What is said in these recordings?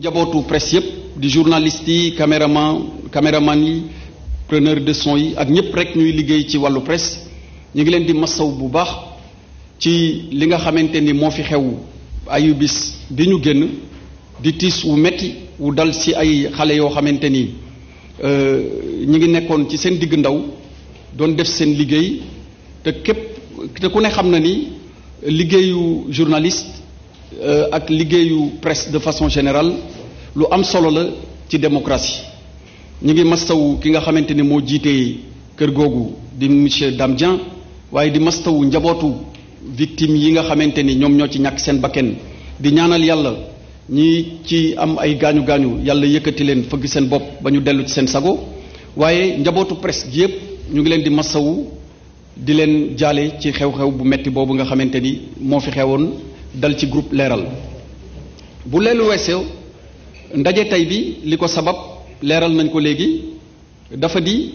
njabootu presse yëpp di journaliste yi caméraman caméraman yi preneur de son yi ak ñëpp rek ñuy liggéey ci wàllu presse ñu ngi leen di masaw bu baax ci li nga xamante ni moo fi xew ayubis bi ñu génn di tiis wu metti wu dal si ay xale yoo xamante ni euh, ñu ngi nekkoon ci seen digg ndaw doon def seen liggéey te képp te ku ne xam na ni liggéeyu journaliste Euh, ak liggéeyu presse de façon général lu am solo la ci démocratie ñu ngi mastawu ki nga xamante ni moo jiitee kër googu di monsieur Dame Dieng waaye di mastawu njabootu victime yi nga xamante ni ñoom ñoo ci ñàkk seen bakken di ñaanal yàlla ñi ci am ay gaañu gaañu yàlla yëkkati leen fëgg seen bopp ba ñu dellu ci seen sago waaye njabootu presse gi yëpp ñu ngi leen di mastawu di leen jaale ci xew-xew bu metti boobu nga xamante ni moo fi xewoon dal ci groupe leeral bu leelu weesoo ndaje tey bi li ko sabab leeral nañ ko léegi dafa di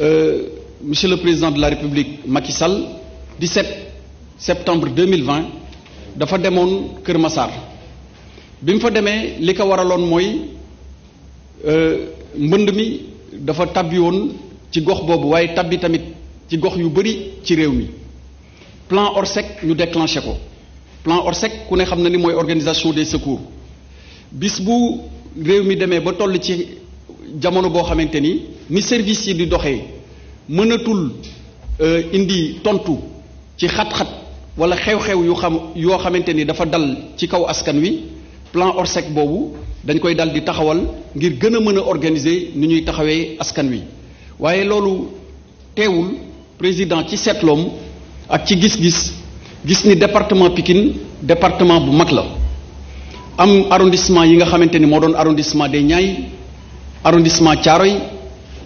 euh, monsieur le président de la république Macky Sall 17 septembre 2020 dafa demoon Kër Massar bi mu fa demee li ko waraloon mooy euh, mbënd mi dafa tabbi woon ci gox boobu waaye tabbi tamit ci gox yu bari ci réew mi plan Orsec ñu déclenché ko plan ORSEC ku ne xam na ni mooy organisation des secours bis bu réew mi demee ba toll ci jamono boo xamante ni ni service yi di doxee mënatul euh, indi tontu ci xat-xat wala xew-xew yu xam yoo xamante ni dafa dal ci kaw askan wi plan ORSEC boobu dañ koy dal di taxawal ngir gën a mën a organiser ni ñuy taxawee askan wi waaye loolu teewul président ci seetloom ak ci gis-gis gis ni département pikin département bu mag la am arrondissement yi nga xamante ni moo doon arrondissement des Niayes arrondissement Thiaroye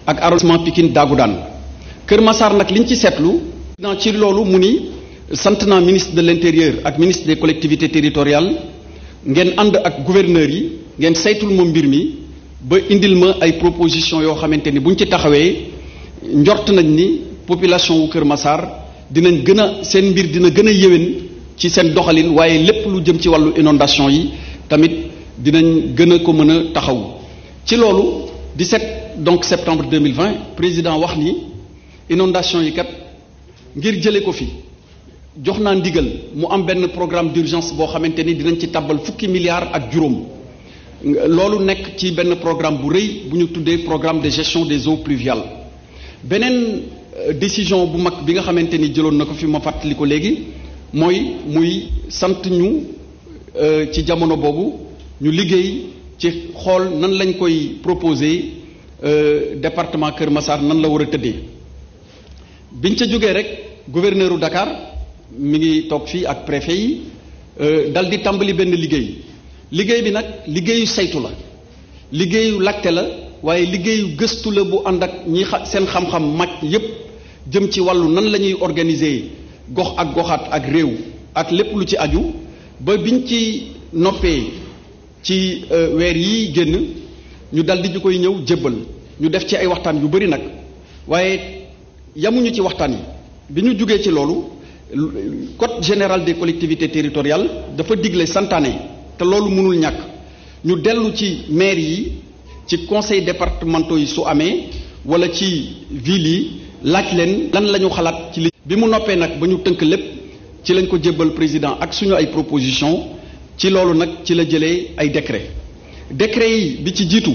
ak arrondissement Pikine Dagoudane Kër Massar nag liñ ci seetlu naa ci loolu mu ni sante naa ministre de l'intérieur ak ministre des collectivité territoriales ngeen ànd ak gouverneur yi ngeen saytul ma mbir mi ba indil ma ay proposition yoo xamante ni buñ ci taxawee njort nañ ni population wu Kër Massar dinañ gën a seen mbir dina gën a yéwén ci seen doxalin waaye lépp lu jëm ci wàllu inondation yi tamit dinañ gën a ko mën a taxaw ci loolu 17 donc septembre 2020 président wax ni inondation yi kat ngir jëlee ko fi jox naa ndigal mu am benn programme d'urgence boo xamante ni dinañ ci tàbbal fukki milliards ak juróom loolu nekk ci benn programme bu rëy bu ñu tuddee programme de gestion des eaux pluviales beneen Euh, décision bu mag bi nga xamante ni jëloon na ko fi ma fàttali ko léegi mooy muy sant ñu euh, ci jamono boobu ñu liggéey ci xool nan lañ koy proposer euh, département Kër Massar nan la war a tëddee biñ ca jógee rek gouverneuru Dakar mu ngi toog fii ak préfet yi dal di tàmbali benn liggéey liggéey bi nag liggéeyu saytu la liggéeyu lacte la waaye liggéeyu gëstu la bu ànd ak ñi seen xam-xam mag yépp jëm ci wàllu nan lañuy ñuy gox ak goxaat ak réew ak lépp lu ci aju ba biñ ci noppee ci euh, weer yi génn ñu daldi ñu koy ñëw jébbal ñu def ci ay waxtaan yu bari nag waaye yamuñu ci waxtaan yi bi ñu jugee ci loolu code général des collectivités territoriales dafa digle santaane te loolu mënul ñàkk ñu dellu ci maire yi ci conseil départementaux yi su amee wala ci ville yi laaj leen lan la ñu xalaat ci li bi mu noppee nag ba ñu tënk lépp ci lañ ko jébbal président ak suñu ay proposition ci loolu nag ci la jëlee ay décret décret yi bi ci jiitu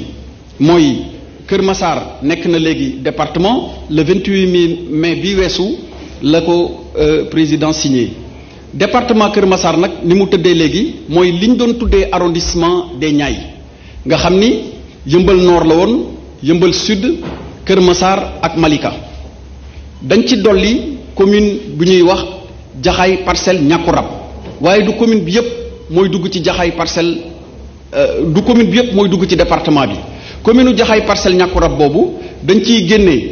mooy Kër masaar nekk na léegi département le 28 mai bi weesu la ko euh, président signé département Kër Massar nag ni mu tëddee léegi mooy li ñu doon tuddee arrondissement des Niayes nga xam ni yëmbal nord la woon yëmbal sud Kër Massar ak Malika dañ ci dolli commune bu ñuy wax jaxaay parcelle ñàkku rab waaye du commune bi yëpp mooy dugg ci jaxaay parcelle euh, du commune bi yëpp mooy dugg ci département bi commune u jaxaay parcelle ñàkku rab boobu dañ ciy génne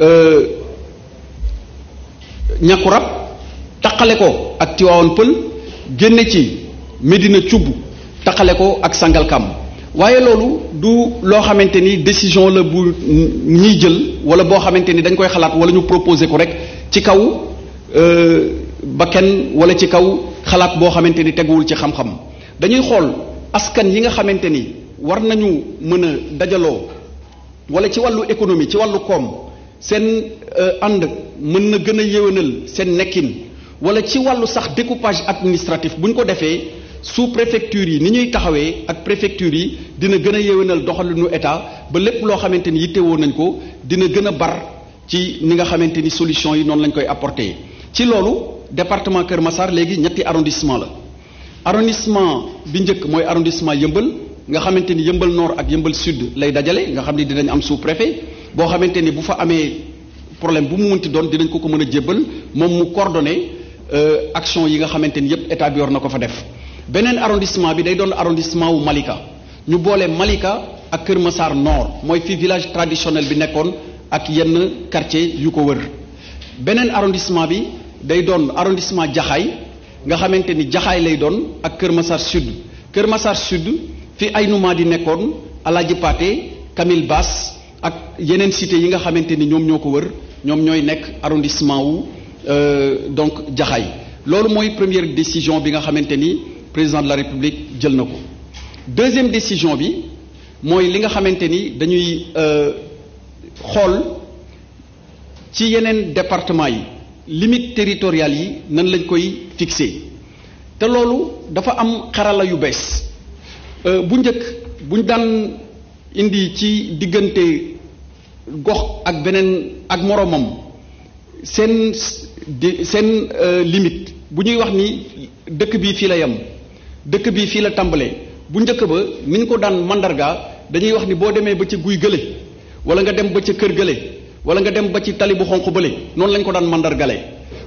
euh, ñàkku rab taqale ko ak Tiwaawan Pël génne ci Medina Cubb taqale ko ak Sangalkam waaye loolu du loo xamante ni décision la bu ñuy jël wala boo xamante ni dañ koy xalaat wala ñu proposer ko rek ci kaw euh, ba kenn wala ci kaw xalaat boo xamante ni teguwul ci xam-xam dañuy xool askan yi nga xamante ni war nañu mën a dajaloo wala ci wàllu économie ci wàllu koom seen euh, ànd mën na gën a yéwénal seen nekkin wala ci wàllu sax découpage administratif bu ñu ko defee sous préfecture yi ni ñuy taxawee ak préfecture yi dina gën a yéwénal doxalinu état ba lépp loo xamante ni yittewoo nañ ko dina gën a bar ci ni nga xamante ni solution yi noonu lañ koy apporter ci loolu département Kër Massar léegi ñetti arrondissement la arrondissement bi njëkk mooy arrondissement yëmbal nga xamante ni yëmbal nord ak yëmbal sud lay dajale nga xam ni dinañ am sous préfet boo xamante ni bu fa amee problème bu mu mënti doon dinañ ko ko mën a jébbal moom mu coordonné euh, action yi nga xamante ni yépp état bi yor na ko fa def beneen arrondissement bi day doon arrondissement wu Malika ñu boole Malika ak Kër Massar Nord mooy fii village traditionnel bi nekkoon ak yenn quartier yu ko wër beneen arrondissement bi day doon arrondissement Jaxaay nga xamante ni Jaxaay lay doon ak Kër Massar Sud Kër Massar Sud fi ay numaa di nekkoon Alaaji Paate Kamil Baas ak yeneen cité yi nga xamante ni ñoom ñoo ko wër ñoom ñooy nekk arrondissement wu euh, donc Jaxaay loolu mooy première décision bi nga xamante ni président de la république jël na ko deuxième décision bi mooy li nga xamante ni dañuy euh, xool ci yeneen département yi limite territoriale yi nan lañ koy fixé te loolu dafa am xarala yu bees euh, bu njëkk buñ daan indi ci diggante gox ak beneen ak moroomam seen di seen euh, limite bu ñuy wax ni dëkk bii fii la yem dëkk bii fii la tàmbalee bu njëkk ba ni ko daan mandarga dañuy wax ni boo demee ba ca guy gële wala nga dem ba ca kër gële wala nga dem ba ci tali bu xonq bële noonu lañ ko daan mandargale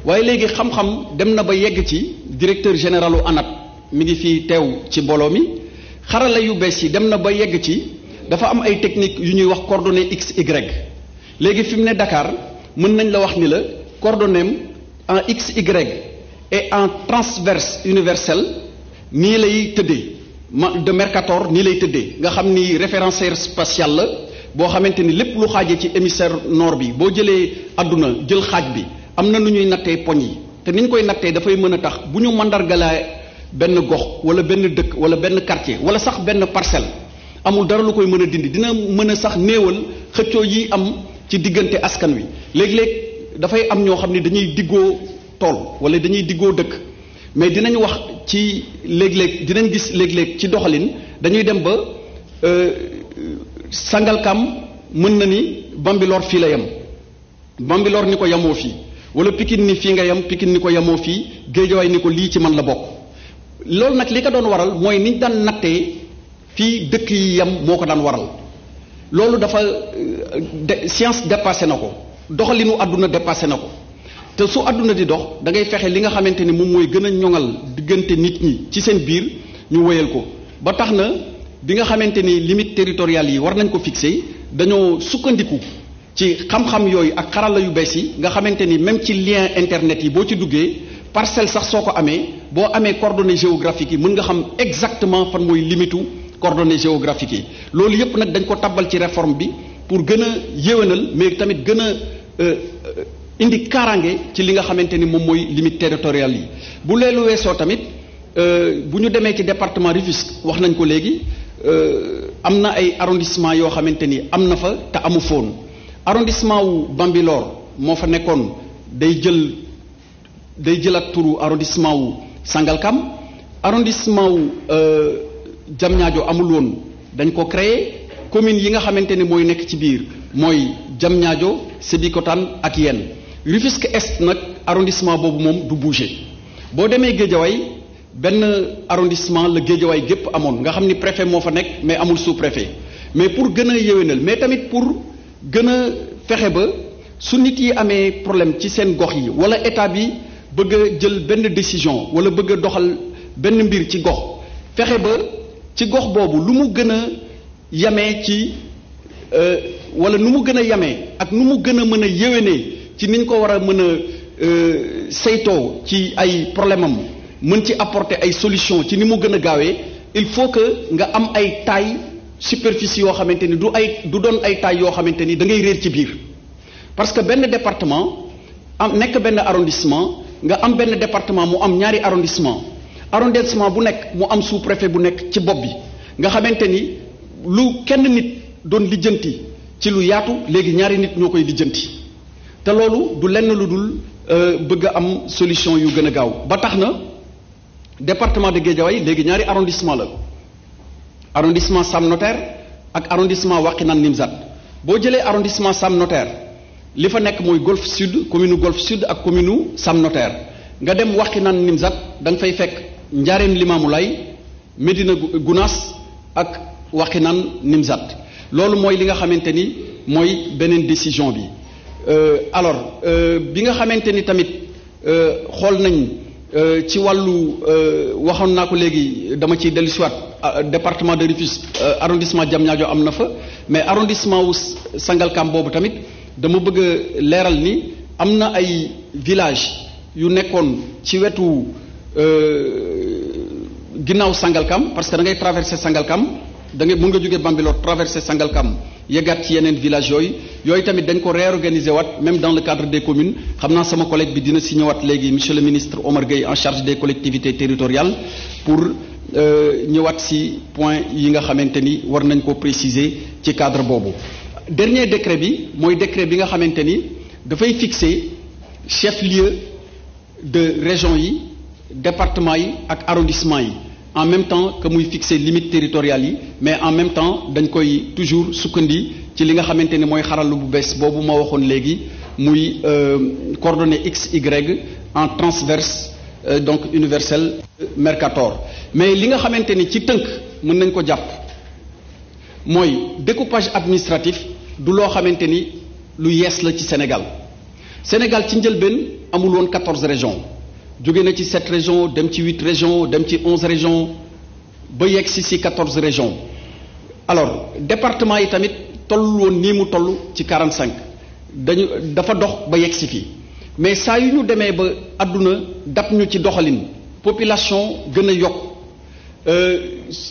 waaye léegi xam-xam dem na ba yegg ci directeur généralu ANAT mi ngi fii teew ci mbooloo mi xarala yu bees yi dem na ba yegg ci dafa am ay technique yu ñuy wax coordonnées x y léegi fi mu ne Dakar mën nañ la wax ni la coordonnéem en x y et en transverse universelle nii lay tëddee de Mercator nii lay tëddee nga xam ni référenceur spatial la boo xamante ni lépp lu xaajee ci hémisphère noor bi boo jëlee àdduna jël xaaj bi am na nu ñuy nattee poñ yi te ni ñu koy nattee dafay mën a tax bu ñu mandargalee benn gox wala benn dëkk wala benn quartier wala sax benn parcelle amul dara lu koy mën a dindi dina mën a sax néewal xëccoo yi am ci diggante askan wi léegi léeg dafay am ñoo xam ne dañuy diggoo tool wala dañuy diggoo dëkk mais dinañ wax ci léeg-léeg dinañ gis léeg-léeg ci doxalin dañuy dem ba euh, Sangalkam mën na ni Bambilor fii la yem Bambilor ni ko yemoo fii wala Pikine ni fii nga yem pikin ni ko yemoo fii Géejawaay ni ko lii ci man la bokk loolu nag li ko doon waral mooy niñ daan nattee fii dëkk yi yem moo ko daan waral loolu dafa euh, science dépassé na ko doxalinu àdduna dépassé na ko te su àdduna di dox da ngay fexe li nga xamante ni moom mooy gën a ñoŋal diggante nit ñi ci seen biir ñu wéyal ko ba tax na bi nga xamante ni limite territoriale yi war nañ ko fixé dañoo sukkandiku ci xam-xam yooyu ak xarala yu bees yi nga xamante ni même ci lien internet yi boo ci duggee parcelle sax soo ko amee boo amee coordonnées géographiques yi mën nga xam exactement fan mooy limitu coordonnées géographiques yi loolu yépp nag dañ ko tabbal ci réforme bi pour gën a yéwénal mais tamit gën a euh, euh, indi kaaraange ci li nga xamante ni moom mooy limite territoriale yi bu leelu weesoo tamit euh, bu ñu demee ci département Rufisque wax nañ ko léegi euh, am na ay arrondissement yoo xamante ni am na fa te amu foon arrondissement wu Bambilor moo fa nekkoon day jël day jëlaat turu arrondissement wu Sangalkam arrondissement wu euh, Diamniadio amul woon dañ ko créer commune yi nga xamante ni mooy nekk ci biir mooy Diamniadio Sébikotane ak yenn Rufisque Est nag arrondissement boobu moom du bouger boo demee Géejawaay benn arrondissement la Géejawaay gépp amoon nga xam ni préfet moo fa nekk mais amul sous-préfet mais pour gën a yéwénal mais tamit pour gën a fexe ba su nit yi amee problème ci seen gox yi wala état bi bëgg a jël benn décision wala bëgg doxal benn mbir ci gox fexe ba ci gox boobu lu mu gën a yamee ci euh, wala nu mu gën a yamee ak nu mu gën a mën a yéwénee ci niñ ko war a mën a euh, saytoo ci ay problème am mën ci apporter ay solution ci ni mu gën a gaawee il faut que nga am ay taille superficie yoo xamante ni du ay du doon ay taille yoo xamante ni da ngay réer ci biir parce que benn département am nekk benn arrondissement nga am benn département mu am ñaari arrondissement arrondissement bu nekk mu am sous préfet bu nekk ci bopp bi nga xamante ni lu kenn nit doon lijjanti ci lu yaatu léegi ñaari nit ñoo koy lijjanti te loolu du lenn lu dul euh, bëgg am solution yu gën a gaaw ba tax na département de Guédiawaye léegi ñaari arrondissement la arrondissement Sam Notaire ak arrondissement Wakhinane Nimzat boo jëlee arrondissement Sam Notaire li fa nekk mooy Golf Sud commune Golf Sud ak commune Sam Notaire nga dem Wakhinane Nimzat da nga fay fekk Njaareem Limaamulaay Médina Gounass ak Wakhinane Nimzat loolu mooy li nga xamante ni mooy beneen décision bi Euh, alors euh, bi nga xamante ni tamit euh, xool nañ ci wàllu waxoon naa ko léegi dama ciy dellusiwaat ah, département de Rufisque arrondissement Diamniadio am na fa mais arrondissement wu Sangalkam boobu tamit dama bëgg a leeral ni am na ay village yu nekkoon ci wetu ginnaaw Sangalkam parce que da ngay traverser Sangalkam da ngay mën nga jógee Bambilor traverser Sangalkam yëgaat ci yeneen village yooyu yooyu tamit dañ ko réorganisé waat même dans le cadre des communes xam naa sama collègue bi dina si ñëwaat léegi monsieur le ministre Omar Gueye en charge de collectivités territoriales pour euh, ñëwaat si point yi nga xamante ni war nañ ko préciser ci cadre boobu dernier décret bi mooy décret bi nga xamante ni dafay fixer chef lieu de région yi département yi ak arrondissement yi en même temps que muy fixer limites territoriales yi mais en même temps dañ koy toujours sukkandi ci li nga xamante ne mooy xaralu bu bees boobu ma waxoon léegi muy euh, coordonnées x y en transverse euh, donc universel Mercator mais li nga xamante ni ci tënk mën nañ ko jàpp mooy découpage administratif du loo xamante ni lu yees la ci Sénégal Sénégal ci njëlbeen amul woon quatorze régions jóge na ci sept régions dem ci huit régions dem ci onze régions ba yegg si si quatorze régions alors département yi tamit tollul woon nii mu toll ci quarante cinq dañu dafa dox ba yegg si fii mais saa yu ñu demee ba àdduna dab ñu ci doxalin population gën a yokk euh,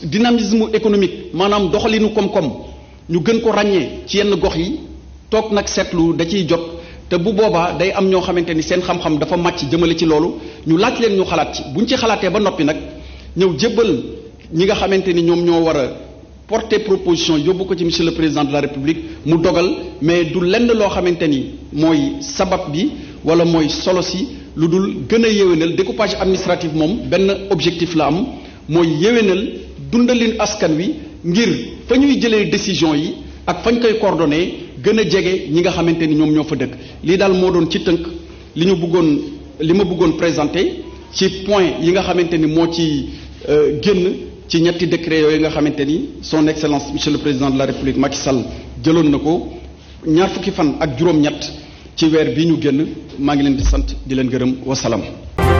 dynamisme économique maanaam doxalinu koom-koom ñu gën ko ràññee ci yenn gox yi toog nag seetlu da ciy jot te bu boobaa day am ñoo xamante ni seen xam-xam dafa màcc jëmale ci loolu ñu laaj leen ñu xalaat ci buñ ci xalaatee ba noppi nag ñëw jébbal ñi nga xamante ni ñoom ñoo war a porter proposition yóbbu ko ci monsieur le président de la république mu dogal mais du lenn loo xamante ni mooy sabab bi wala mooy solo si lu dul gën a yéwénal découpage administratif moom benn objectif la am mooy yéwénal dundalin askan wi ngir fa ñuy jëlee décision yi ak fañ koy coordonné gën a jege ñi nga xamante ni ñoom ñoo fa dëkk lii daal moo doon ci tënk li ñu bëggoon li ma bëggoon présenter ci point yi nga xamante ni moo ci euh, génn ci ñetti décret yooyu nga xamante ni son excellence monsieur le président de la république Macky Sall jëloon na ko ñaar fukki fan ak juróom-ñett ci weer bi ñu génn maa ngi leen di sant di leen gërëm wasalaam